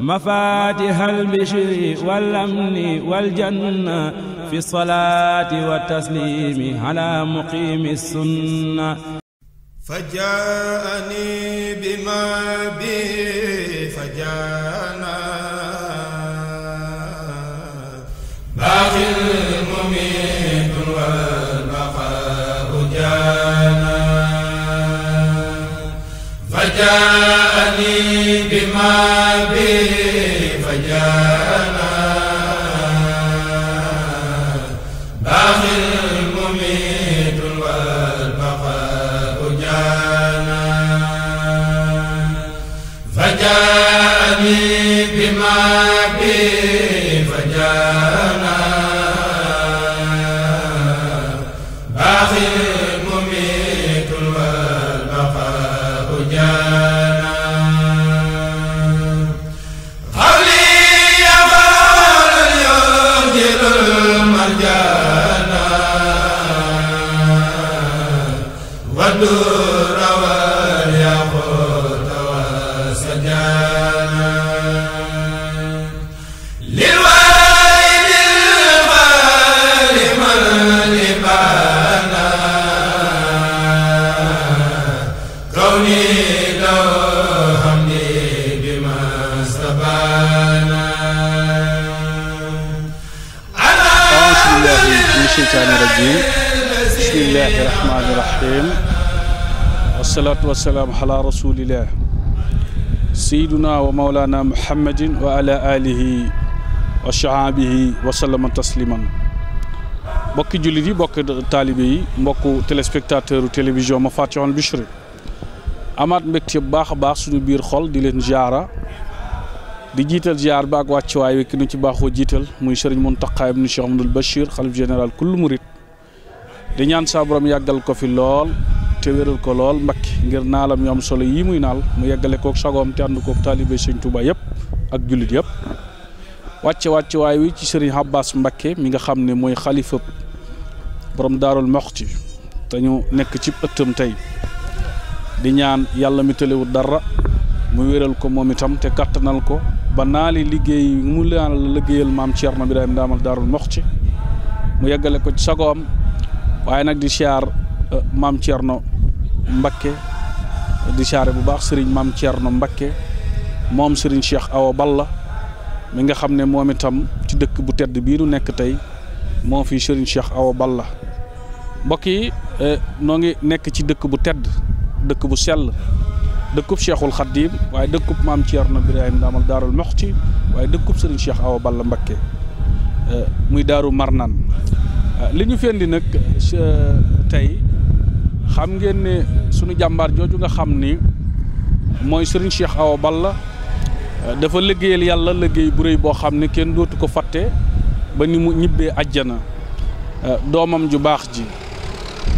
مفاتيح البشر والأمن والجنة في الصلاة والتسليم على مقيم السنة فجاءني بما به فجاءنا باقي المميت والبقاء جانا فجاءني بما به bima wasalaatu wasalaam ala rasulillah sayyiduna wa maulana muhammadin wa ala alihi wa sahaabihi wa sallama tasliman mbokki jullit yi mbokk taalibe yi mbokk téléspectateur télévision ma fatihul bichri amaat mbégte bu baax a baax suñu biir xol di leen jaara di jiital jaar ba ak waay wi ki nu ci baaxoo jiital muy sëriñ Mountakha ibnu Cheikh Amadou Bachir xalif général kullu murit di ñaan saa borom yàggal ko fi lool te wéral ko lool mbakki ngir naalam yoom solo yii muy naal mu yeggale kook sagoom te ànd kook taalibe sëñ Tuuba yëpp ak jullit yëpp wàcce wàcce waay wi ci sëriñ Abbas Mbakke mi nga xam ne mooy xalifa borom daarul moxti te ñu nekk ci ëttam tey di ñaan yàlla mi tëlewul dara mu wéral ko moom itam te kattanal ko ba naali liggéey mu laal liggéeyal maam Thierno Birahim daamal daarul ci mu yeggale ko ci sagoom waaye nag di siyaar eh, maam Thierno Mbakke di siyaare bu baax sëriñ maam Thierno Mbakke moom sëriñ Cheikh Awa Balla mi nga xam ne moom itam ci dëkk bu tedd bii nu nekk tey moo fi sëriñ Cheikh Awa Balla mbokk yi eh, noo ngi nekk ci dëkk bu tedd dëkk bu sell dëkkub Cheikhul Khadim waaye dëkkub maam Thierno Birahim Ndamal Daarul Moxti waaye dëkkub sëriñ Cheikh Awa Balla Mbakke eh, muy daaru Marnaan eh, li ñu fendi nag tey. xam ngeen ne sunu jàmbaar jooju nga xam ni mooy Serigne Cheikh Awa Balla dafa liggéeyal yàlla liggéey bu rëy boo xam ne kenn dootu ko fàtte ba ni mu ñibbee àjjana doomam ju baax ji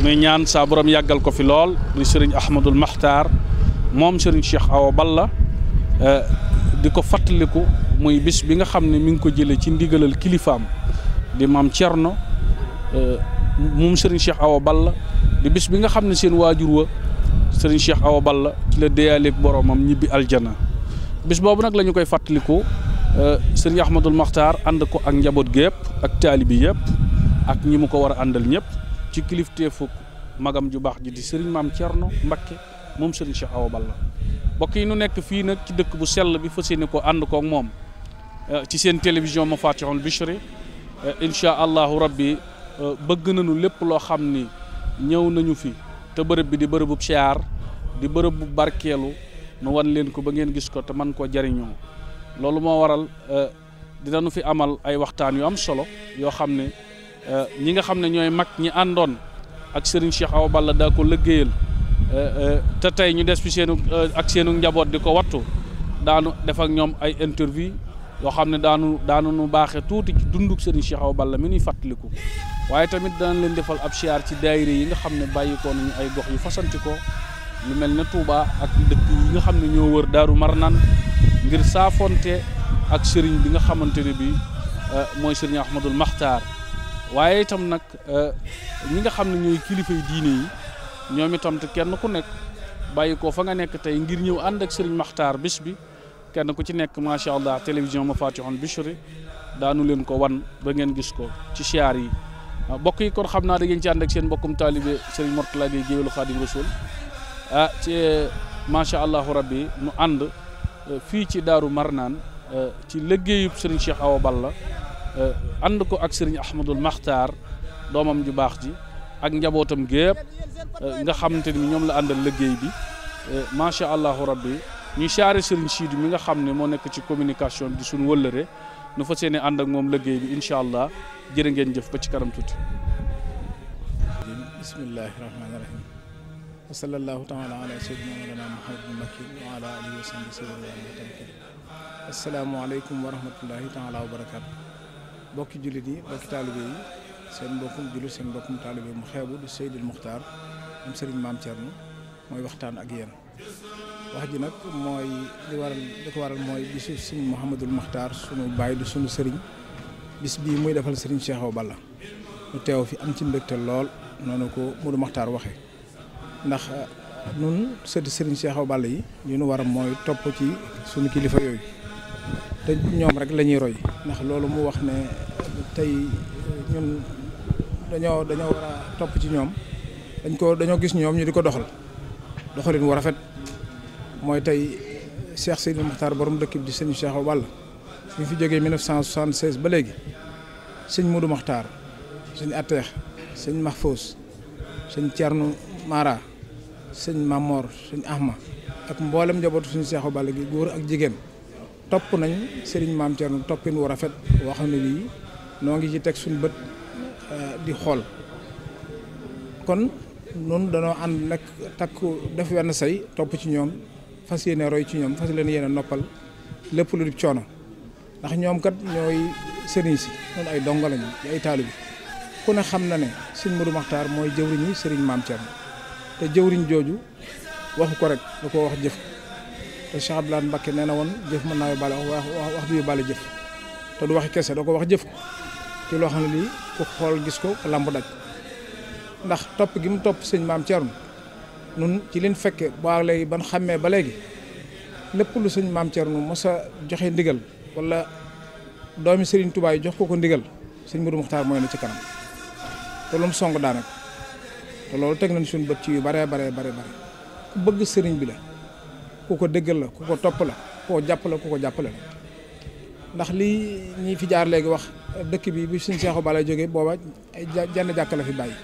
muy ñaan saa borom yàggal ko fi lool muy Serigne Ahmadul Maxtaar moom Serigne Cheikh Awa Balla di ko fàttaliku muy bis bi nga xam ne mi ngi ko jëlee ci ndigalal kilifaam di maam Cerno moom Serigne Cheikh Awa Balla di bis bi nga xam ne seen waajur wa sëriñ Cheikh Awa la ci la deyaaleeg boromam ñibbi aljana bis boobu nag lañu koy fàttaliku euh, sëriñ Ahmadul Maxtaar ànd ko ak njaboot gépp ak taalibi yëpp ak ñi mu ko war a àndal ñëpp ci kilifteefu magam ju baax ji di sëriñ maam Thierno Mbakke moom sëriñ Cheikh Awa Balla mbokk yi nu nekk fii nag ci dëkk bu sell bi fa yéene ko ànd koog moom euh, ci seen télévision ma Fatihul Bichri euh, incha allahu rabbi bëgg nañu lépp loo xam ñëw nañu fi te bërëb bi di bërëbub siyaar di bërëb bu barkeelu nu wan leen ko ba ngeen gis ko te man koo jariñoo loolu moo waral euh, dina nu fi amal ay waxtaan yu am solo yoo xam ne euh, ñi nga xam ne ñooy mag ñi àndoon ak Serigne Cheikh Awa Balla daa ko lëggéeyal euh, te tey ñu des fi seenu ak seenu njaboot di ko wattu daa def ak ñoom ay interview yoo xam ne daanu daanu nu baaxee tuuti ci dunduk sëriñ Cheikh Awa Balla mi ñuy fàttaliku waaye tamit danañ leen defal ab siyaar ci daayira yi nga xam ne bàyyikoo nañu ay gox yu fasanti ko lu mel ne Touba ak dëkk yi nga xam ne ñoo wër Daaru Marnaan ngir saafonte ak sëriñ bi nga xamante ne bi euh, mooy sëriñ Ahmadul Maxtaar waaye itam nag euh, ñi nga xam ne ñooy kilifay diine yi ñoom itam te kenn ku nekk bàyyi ko fa nga nekk tey ngir ñëw ànd ak sëriñ Maxtaar bés bi kenn ku ci nekk macha allah télévision ma fatihon bichri daanu leen ko wan ba ngeen gis ko ci siyaar yi ah, mbokk yi kon xam naa da ngeen ci ànd ak seen mbokkum taalibe Serigne Mourtala Gueye Géwélu Xaadim Rasul ah ci eh, macha allahu rabbi nu ànd eh, fii ci Daaru Marnaan eh, ci liggéeyub Serigne Cheikh Awa Balla ànd ko ak Serigne Ahmadul Maxtaar doomam ju baax ji ak njabootam gépp nga xamante ni ñoom la àndal liggéey bi macha allahu rabbi ñuy siyaare Serigne Sidy mi nga xam ne moo nekk ci communication bi di suñu wëllëre nu fas yéene ànd ak moom liggéey bi incha allah jërë ngeen jëf ko ci kanam tuuti. bismillahi rahmaani rahim wa sallallahu taala ala sayyidina muhammadin makin wa barakaatu bokki jullit yi bokki taalibe yi seen mbokkum jullit seen mbokkum taalibe mu xeebu du Seydil Muxtaar am Serigne Maam Thierno mooy waxtaan ak yéen wax ji nag mooy li waral li ko waral mooy bisu sëñ Mouhamadul Makhtar sunu bàyyi di sunu sëriñ bis bii muy defal sëriñ Cheikh Awa Balla mu teew fi am ci mbégte lool noonu ko Modou Makhtar waxe ndax uh, nun sëti sëriñ Cheikh Awa Balla yi ñu nu war mooy topp ci suñu kilifa yooyu te ñoom rek lañuy roy ndax loolu mu wax ne tey uh, ñun dañoo dañoo war topp ci ñoom dañ ko dañoo gis ñoom ñu di ko doxal doxalin wu rafet mooy tey Cheikh Seydou Mokhtar borom dëkk bi di sëñ Cheikh Awa Balla bi fi jógee 1976 ba léegi sëñ Modou maxtar sëñ Ateex sëñ Mahfous sëñ Thierno Mara sëñ Mamor sëñ Ahma ak mboolem njabootu suñu Cheikh Awa Balla gi góor ak jigéen topp nañ sëriñ maam Thierno toppin wu rafet woo xam ne nii noo ngi ci teg suñu bët euh, di xool kon noonu danoo ànd nag takku def wenn say topp ci ñoom. fas yéene roy ci ñoom fas leen yéene noppal lépp lu dul coono ndax ñoom kat ñooy sëriñ si ñun ay dongo lañu di ay taalibe ku ne xam na ne sëriñ Modou Maxtaar mooy jëwriñu sëriñ Maam Thierno te jëwriñ jooju waxu ko rek da koo wax jëf te Cheikh Abdoulaye Mbacké nee na woon jëf mën naa yóbbaale wax wax du yóbbaale jëf te du waxi kese da ko wax jëf ko ci loo xam ne lii ku xool gis ko lamb daj ndax topp gi mu topp sëñ Maam Thierno nun ci leen fekke ba léegi ban xàmmee ba léegi lépp lu sëñ maam Thierno mos a joxe ndigal wala doomi sëriñ Touba jox ko ko ndigal sëñ Modou Mokhtar mooy na ci kanam te lu mu song daanaka te loolu teg nañ suñ bët ci yu baree baree bare bare ku bëgg sëriñ bi la ku ko dëggal la ku ko topp la ku ko jàpp la ku ko jàppale la ndax li ñi fi jaar léegi wax dëkk bi bi suñ seexu bala jóge booba ay jann jàkk la fi bàyyi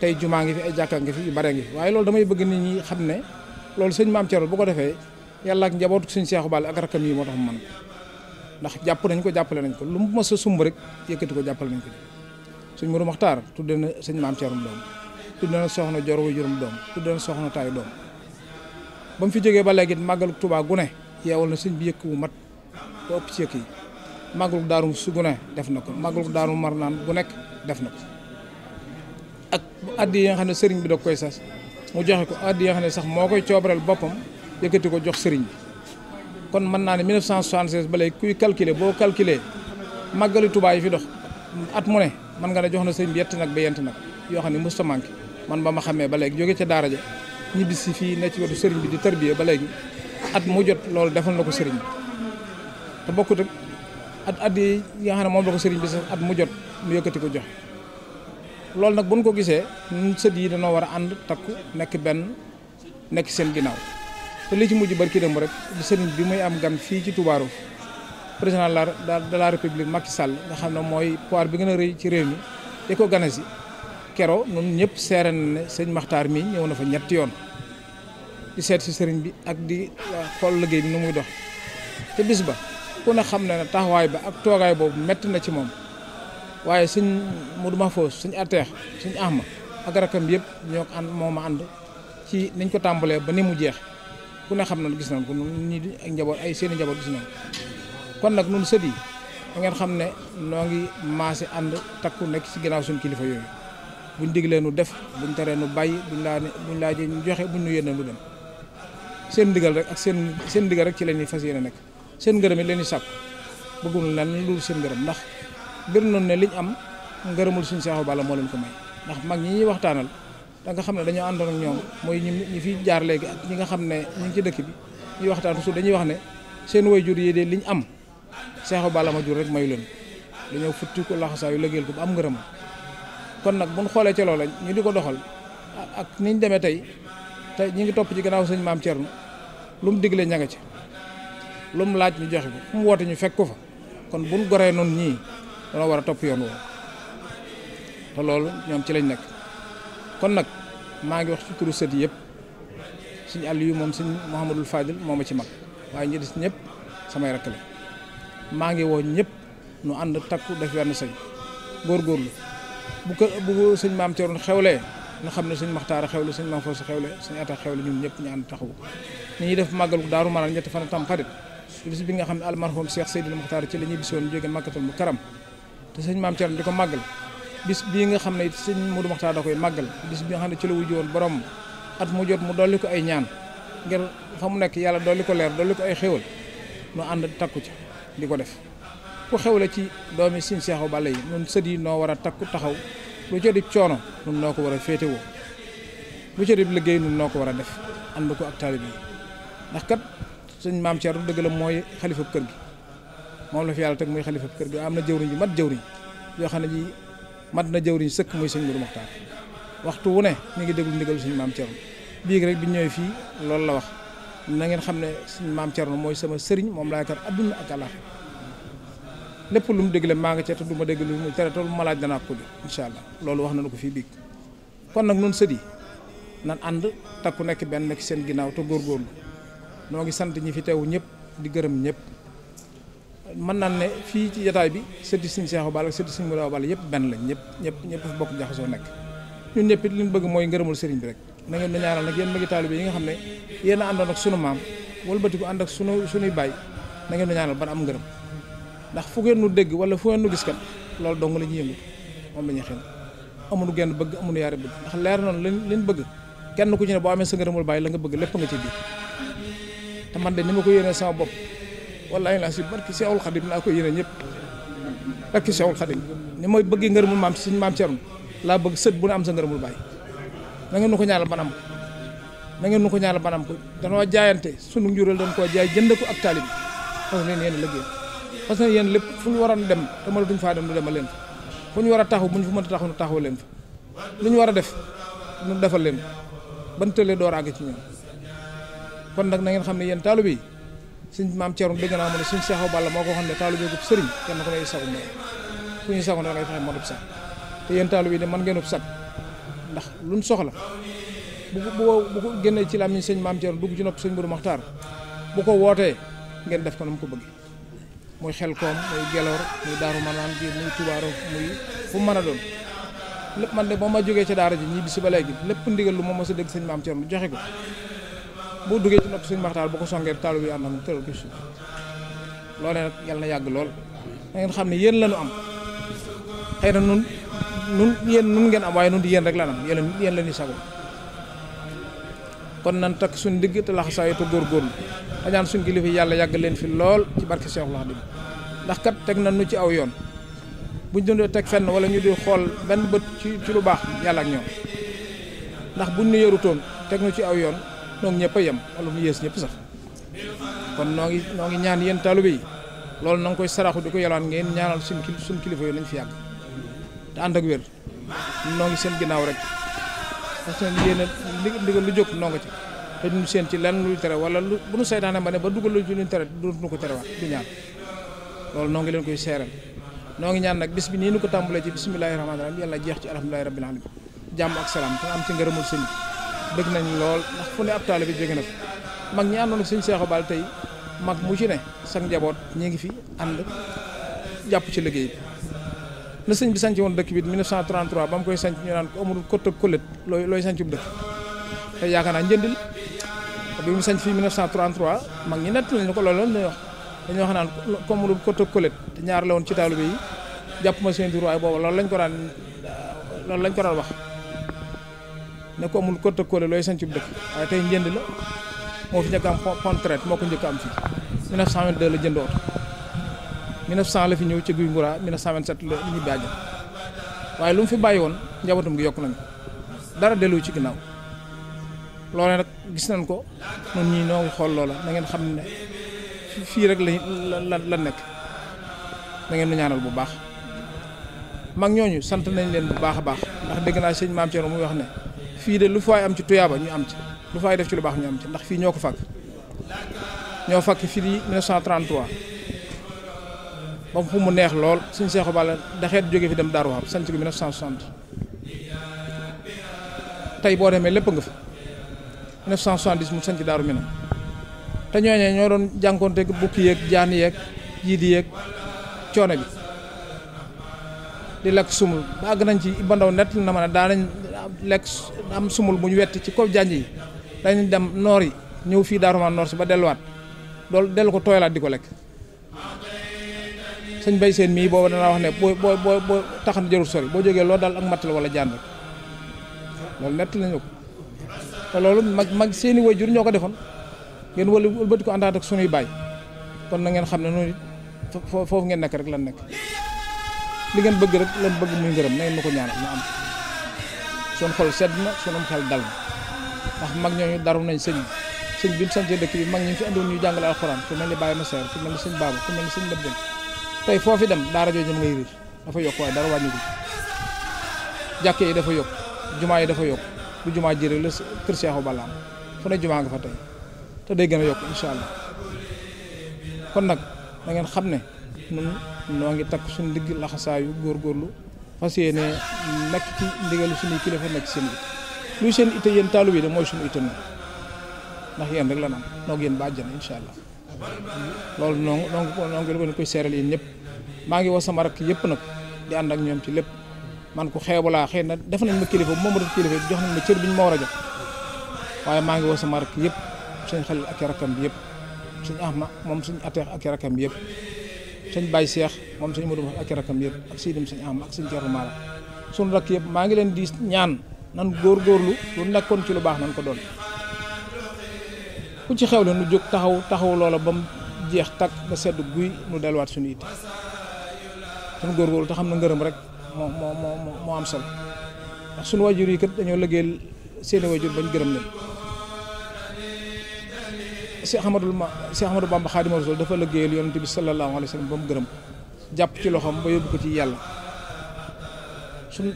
tey jumaa ngi fi ay jàkka ngi fi yu ngi fi waaye loolu damay bëgg nit ñi xam ne loolu sëñ maam Thierno bu ko defee yàlla ak njabootu sëñ Seexu Balla ak rakam yi moo tax man ndax jàpp nañ ko jàppale nañ ko lu mu mës a sumb rek yëkkati ko jàppale nañ ko suñ Mourou Makhtar tudde na sëñ maam Thierno doom na soxna Jor wu doom tudde na soxna Taay doom bam fi jógee ba léegi màggalu Tuubaa gu ne yeewal na sëñ bi yëkk wu mat ba ëpp ci yëkk yi màggalu daarum su gu ne def na ko màggalu daarum mar naan bu nekk def na ak addi yi nga xam ne sëriñ bi da koy sas mu joxe ko addi yi nga xam ne sax moo koy coobareel boppam yëkkati ko jox sëriñ kon mën naa ne 1976 ba léegi kuy calculer boo calculer màggali Tuubaa yi fi dox at mu ne mën nga ne jox na sëriñ bi yett nag ba yent nag yoo xam ne musta manqué man ba ma xamee ba léegi jóge ca daara ja ñibbi si fii ne ci wetu sëriñ bi di tarbiya ba léegi at mu jot loolu defal na ko sëriñ bi te bokkut ak at at yi nga xam ne moom la ko sëriñ bi sax at mu jot mu yëkkati ko joxe loolu nag bu buñ ko gisee ñun sët yi dañoo war a ànd takku nekk benn nekk seen ginnaaw te li ci mujj barki démb rek di sëriñ bi muy am gan fii ci Touba Roof président de la république Macky Sall nga xam ne mooy pouvoir bi nga ne rëy ci réew mi di ko gane si kero ñun ñëpp seere na ne sëñ Maxtaar mii ñëw na fa ñetti yoon di seet si sëriñ bi ak di xool liggéey bi nu muy dox te bis ba ku ne xam ne ne taxawaay ba ak toogaay boobu metti na ci moom waaye sëñ Modou Mahfouz sëñ Ateex sëñ Ahma ak rakam yëpp ñoo ko ànd moo ànd ci niñ ko tàmbalee ba ni mu jeex ku ne xam na gis nañ ko ñii ak njaboot ay seen njaboot gis nañ kon nag ñun sët yi ngeen xam ne noo ngi maase ànd takku nekk ci ginnaaw suñu kilifa yooyu buñ diglee nu def buñ teree nu bàyyi buñ laa buñ laajee ñu joxe buñ nu yéene lu dem seen digal rek ak seen seen ndigal rek ci la ñuy fas yéene nekk seen ngërëm it la ñuy sàkk bëgguñu lan lu seen ngërëm ndax. gëm nañ ne liñ am ngërëmul suñu Seexu Balla moo leen ko may ndax mag ñi ñuy waxtaanal da nga xam ne dañoo àndoon ak ñoom mooy ñu ñi fi jaar léegi ak ñi nga xam ne ñu ngi ci dëkk bi ñuy waxtaan su dañuy wax ne seen way jur yi de liñ am Seexu Balla ma jur rek mayu leen dañoo futti ko laxasaa yu lëggeel ko ba am ngërëm kon nag buñ xoolee ca loola ñu di ko doxal ak niñ demee tey te ñi ngi topp ci gannaaw sëñ maam Thierno lu mu digle ña nga ca lu mu laaj ñu joxe ko fu ko fa kon buñ goree danoo war a topp yoon woowu te loolu ñoom ci lañ nekk kon nag maa ngi wax ci turu sët yëpp suñ àll yu moom suñ Mouhamadul Fadil moom ma ci mag waaye ñi ñëpp samay rakk maa ngi woo ñëpp nu ànd takku def wenn sëñ góorgóorlu bu ko bu suñ maam Thierno xewlee nu xam ne suñ maxtaara xewle suñ maam Foosu xewle suñ ata xewle ñun ñëpp ñu ànd taxawu ni ñuy def màggal daaru maanaam ñetti fan xarit bis bi nga xam ne almarhum Cheikh Seydil Maxtaar ci la ñuy bisoon jóge Makkatul Mukarram te sëñ maam Thierno di ko màggal bis bii nga xam ne it sëñ Modou Makhtar da koy màggal bis bi nga xam ne ci la wujjoon boroom at mu jot mu dolli ko ay ñaan ngir fa mu nekk yàlla dolli ko leer dolli ko ay xéwal nu ànd takku ci di ko def ku xewle ci doomi Sëñ Seexu Balla yi ñun sët yi noo war a takku taxaw lu ca coono ñun noo ko war a féetewoo lu ca di liggéey ñun noo ko war a def ànd ko ak taalibe yi ndax kat sëñ maam Thierno dëgg la mooy xalifa kër gi. moom la fi yàlla teg muy xalifa kër gi am na jëwriñ ji mat jëwriñ yoo xam ne ji mat na jëwriñ sëkk muy sëñ Mourou Mokhtar waxtu wu ne ñu ngi déglu ndigal suñu maam Thierno bii rek bi ñëwee fii loolu la wax na ngeen xam ne suñu maam Thierno mooy sama sëriñ moom laa kar adduna lépp lu mu maa nga ca te ma dégg lu mu tere ma laaj danaa ko jóg incha loolu wax nañu ko fii biig kon nag nun sëdi nan ànd takku nekk benn nekk seen ginnaaw te góorgóorlu noo ngi sant ñi fi teewu ñëpp di gërëm ñëpp mën naan ne fii ci jataay bi sëti Sëriñ Seexu Balla ak sëti Sëriñ Moodu Awa Balla yëpp benn lañ ñëpp ñëpp ñëpp fa bokk jaxasoo nekk ñun ñëpp it bëgg mooy ngërëmul sëriñ bi rek na ngeen di ñaanal nag yéen magi taalibe nga xam ne yéen a àndoon ak sunu maam walbati ko ànd ak sunu sunuy baay na ngeen di ñaanal ban am ngërëm ndax fu ngeen nu dégg wala fu ngeen nu gis kat loolu dong la ñuy yëngu moom la ñuy xen amunu genn bëgg amunu yaari bëgg ndax leer noonu liñ liñ bëgg kenn ku ci boo amee sa ngërëmul baay la nga bëgg lépp nga te man de ni ma ko yéenee sama bopp wallaay laa si barki Seexul Xadim laa ko yéene ñëpp barki Seexul Xadim ni mooy bëgg ngërëmul maam suñ maam Cerno laa bëgg sët bu ne am sa ngërëmul bàyyi na ngeen nu ko ñaanal banam ko na ngeen nu ko ñaanal banam ko danoo jaayante sunu njural dañ koo jaay jënd ko ak taalib fas leen yéen liggéey fas yéen lépp fu ñu waroon dem te mënatuñ faa dem nu demal leen fa fu ñu war a taxaw bu ñu fa mën a taxaw nu taxaw leen fa lu ñu war a def nu defal leen ban tëlee door àgg ci kon nag na ngeen xam ne yéen taalib yi suñ maam Thierno dégg naa ma ne suñ Seexu Balla moo ko waxoon ne taalibe bu sëriñ kenn ku ne sagu moom ku ñu sagu ne da ngay fexe mënub sag te yéen taalibe de mën ngeenub sag ndax luñ soxla bu ko bu ko génnee ci làmmiñ sëñ maam Thierno dugg ci nopp sëñ Bodu Maxtaar bu ko wootee ngeen def ko na mu ko bëgg muy xel koom muy geloor muy daaru manaan gi muy tubaaro muy fu mën a doon lépp man de boo ma jógee ca daara ji ñii bi si ba léegi lépp ndigal lu ma mos a dégg sëñ maam Thierno joxe ko boo duggee ci nopp suñu maxtaar bu ko songee taalu bi ànd ak tëral ko suuf loolee nag yàlla na yàgg lool da xam ne yéen la am xëy na nun nun yéen nun ngeen am waaye nun di yéen rek lan am yéen yéen la ñuy sago kon nan takk suñ digg te laxasaayu te góorgóorlu dañaan suñ kilifa yàlla yàgg leen fi lool ci barki barke Seexul Xadiim ndax kat teg na nu ci aw yoon buñ doon teg fenn wala ñu di xool benn bët ci ci lu baax yàlla ak ñoom ndax bu buñ nu yarutoon teg nu ci aw yoon noog ñëpp a yem wala mu yées ñëpp sax kon noo ngi noo ngi ñaan yéen taalibe bi loolu na nga koy saraxu di ko yalwaan ngeen ñaanal suñ suñ kilifa yooyu nañ fi yàgg te ànd ak wér noo ngi seen ginnaaw rek parce que yéen a li ndigal noo nga ci te ñu seen ci lenn lu tere wala lu bu nu saytaane ma ne ba dugal lu ñu tere dootuñu ko terewaat du ñaan loolu noo ngi leen koy seeral noo ngi ñaan nag bis bi nii nu ko tàmbalee ci bisimilahi rahmaani rahim yàlla jeex ci alhamdulilahi rabbil alamin jàmm ak salaam te am ci ngërëmul bëgg nañ lool ndax fu ne ab bi jóge na ko mag ñi àndoon ak sëñ Seexu Baal tey mag mu ci ne sax njaboot ñi ngi fi ànd jàpp ci liggéey bi la sëñ bi sanc woon dëkk bi ba mu koy sanc ñu naan ko amul kott ak kollet looy looy sancum dëkk te yaakaar naa njëndil bi mu sanc fii 1933 mag ñi nett nañ ko loolu lañ wax dañuy wax naan ko amul kott ak kollet te ñaar la woon ci taalibe yi jàpp ma seen duruwaay boobu loolu lañ ko daan loolu lañ ko daan wax ne ko amul côté kóole looy sanc bu dëkk waaye tey njënd la moo fi njëkk am contrainte moo ko njëkk am fii 1922 la jënd oto 1900 la fi ñëw ci guy Mboura 1927 la ñu bàyyi waaye lu mu fi bàyyi woon njabootam gi yokk nañu dara dellu ci ginnaaw loolee nag gis nañ ko ñun ñii ñoo ngi xool loola na ngeen xam ne fii rek lañ la la nekk na ngeen nu ñaanal bu baax mag ñooñu sant nañ leen bu baax a baax ndax dégg naa sëñ maam Thierno muy wax ne. fii de lu faay am ci tuyaaba ñu am ci lu faay def ci lu baax ñu am ci ndax fii ñoo ko fàkk ñoo fàkk fii di 1933 ba fu mu neex lool suñ seexu bàlla daxeet jóge fi dem Daaru Wahab sanc ko 1960 tey boo demee lépp nga fa 1970 mu sanc Daaru Minam te ñooñee ñoo doon jànkoonte bukki yeeg jaan yeeg jiidi yeeg coono bi di lakk sumul ba àgg nañ ci Iba Ndaw nett na ma ne daa lekk am sumul bu ñu wetti ci kaw jaan yi dañu dem noor yi ñëw fii Darou Marnane noor si ba delluwaat loolu dellu ko tooyalaat di ko lekk sëñ bay seen mii booba danaa wax ne boo boo boo boo taxan jarul boo jógee loolu daal ak matt la wala jaan rek loolu nañu ko te loolu mag mag seeni way jur ñoo ko defoon ngeen wala wëlbati ko àndaat ak sunuy baay kon na ngeen xam ne noonu foofu ngeen nekk rek lan nekk li ngeen bëgg rek lan bëgg muy ngërëm na ngeen ko ñaanal am sun xol sedd na sunum xel dal na ndax mag ñooñu daru nañ sëñ sëñ bi mu sancee dëkk bi mag ñi fi andoon ñu jàngale alxuraan ku mel ni Baye Masseer ku mel ni sëñ Baaba ku mel ni sëñ Mbëddeen tey foofi dem daara jooju ngay riir dafa yokk waaye dara wàññiwul jàkk yi dafa yokk jumaa yi dafa yokk bu jumaa jëre la kër Seexu Balaam fu ne jumaa nga fa tey te day gën yokk incha allah kon nag da xam ne nun noo ngi takk suñu digg laxasaayu góorgóorlu fas yéene nekk ci ndigalu suñuy kilifa nekk seen it luy seen ite yéen taalu bi de mooy suñu ite noonu ndax yéen rek la naan noog yéen ba àjjana incha allah loolu noonu noonu noonu koy seeral yéen ñëpp maa ngi woo sama rakk yëpp nag di ànd ak ñoom ci lépp man ko xeebu laa xëy na def nañ ma kilifa moom rek kilifa jox nañ ma cër bi ñu ma war a jox waaye maa ngi woo sama rakk yëpp suñ xel ak rakkam bi yëpp suñ ahma moom suñ ateex ak rakkam bi yëpp sëñ Baye Cheikh moom sëñ Modou ak rakam yëpp ak sëñ sëñ am ak sëñ Thierno yëpp maa ngi leen di ñaan nan góorgóorlu lu nekkoon ci lu baax nan ko doon ku ci xewle nu taxaw taxaw loola ba mu jeex takk ba sedd guy nu delluwaat suñu it sunu góorgóorlu te xam na ngërëm rek moo moo moo moo am solo ndax sunu waajur yi kat dañoo liggéeyal seeni waajur bañ gërëm leen Cheikh Ahmadou ma Cheikh Ahmadou Bamba Xaadimu Rasuul dafa liggéeyal yonent bi sallallahu alayhi wa sallam ba mu gërëm jàpp ci loxoom ba yóbbu ko ci yàlla sun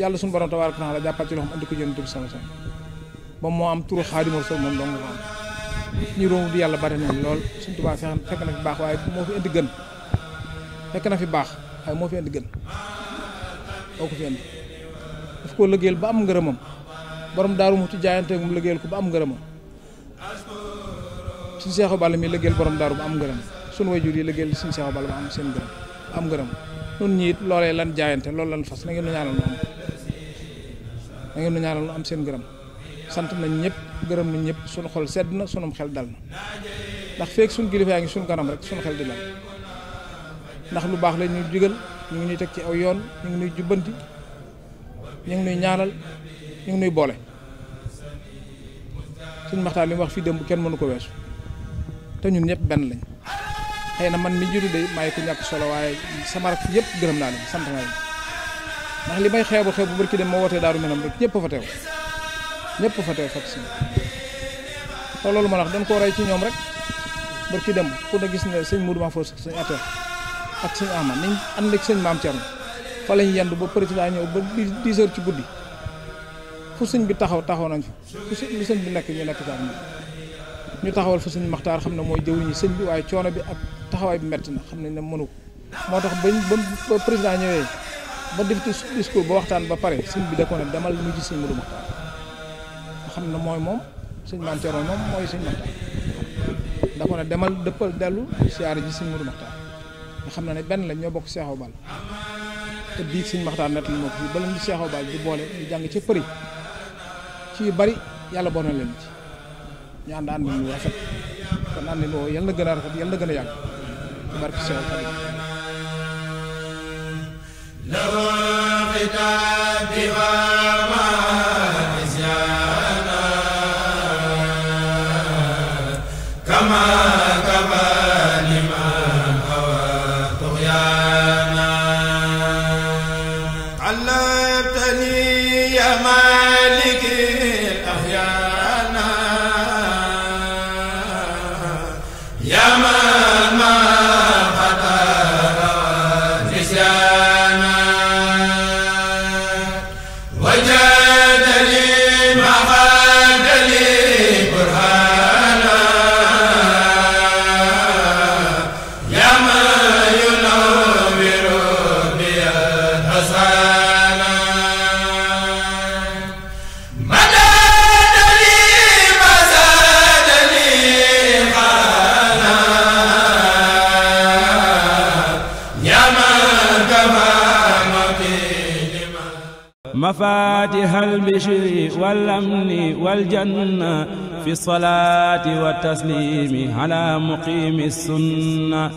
yàlla sunu borom tabaaraka taala jàppaat ci loxoom andi ko yonent bi moo am turu yàlla bari nañ lool Sëñ Tuubaa fekk na fi baax waaye moo fi indi gën fekk na fi baax waaye moo fi indi gën boo ko fi indi daf koo liggéeyal ba am ngërëmam borom daaru mu ci jaayante moom liggéeyal ko ba am ngërëmam suñ Seexu Balla mi liggéeyal borom daaru ba am ngërëm suñ wajur yi liggéeyal suñ Seexu Balla ba am seen ngërëm am ngërëm nun ñi loolee lan jaayante loolu lan fas na ngeen nu ñaanal lu nu am seen ngërëm sant nañ ñëpp gërëm nañ ñëpp suñu xol sedd na sunum xel dal na ndax suñ kilifa yaa ngi suñ kanam rek suñu xel di dal ndax lu baax la ñu digal ñu ngi ñuy teg ci aw yoon ñu ngi ñuy jubbanti ñu ngi ñuy ñaanal ñu ngi nuy boole suñ maxtaan li mu wax fii démb kenn mënu ko weesu te ñun ñëpp benn lañ xëy na man mi jiitu day may ku ñàkk solo waaye sama rak yëpp gërëm naa leen sant naa leen ndax li may xeebu xeebu barki dem moo wootee daaru menam rek ñëpp fa teew ñëpp fa teew loolu ma wax dañ koo ci ñoom rek barki dem ku gis ne sëñ Moudou Mahfouz sëñ Atel ak sëñ Ama nañ ànd ak sëñ Maam Thierno fa lañ yendu ba président ñëw ba dix ci guddi fu sëñ bi taxaw taxaw nañ fa fu sëñ bi nekk ñu nekk ci am ñu taxawal fa sëñ maxtaar xam ne mooy jëwriñu sëñ bi waaye coono bi ak taxawaay bi metti na xam nañ ne mënu ko moo tax bañ ba président ñëwee ba def ci discours ba waxtaan ba pare sëñ bi da ko ne demal ñu gis sëñ xam ne mooy moom sëñ Maam Cerno moom mooy ne demal dëppal dellu siyaare ji sëñ Modou xam ne ne benn lañ ñoo bokk Seexaw Bal te bii sëñ maxtaar nett li moo ko fii ba leen di boole ñu jàng ci përi ci yu bari yàlla boole na leen ci ñu ànd ànd ñu rafet kon ànd boobu yal na gën a rafet yal na gën a yàgg barke Seex Xaadim وفاتح البشر والأمن والجنة في الصلاة والتسليم على مقيم السنة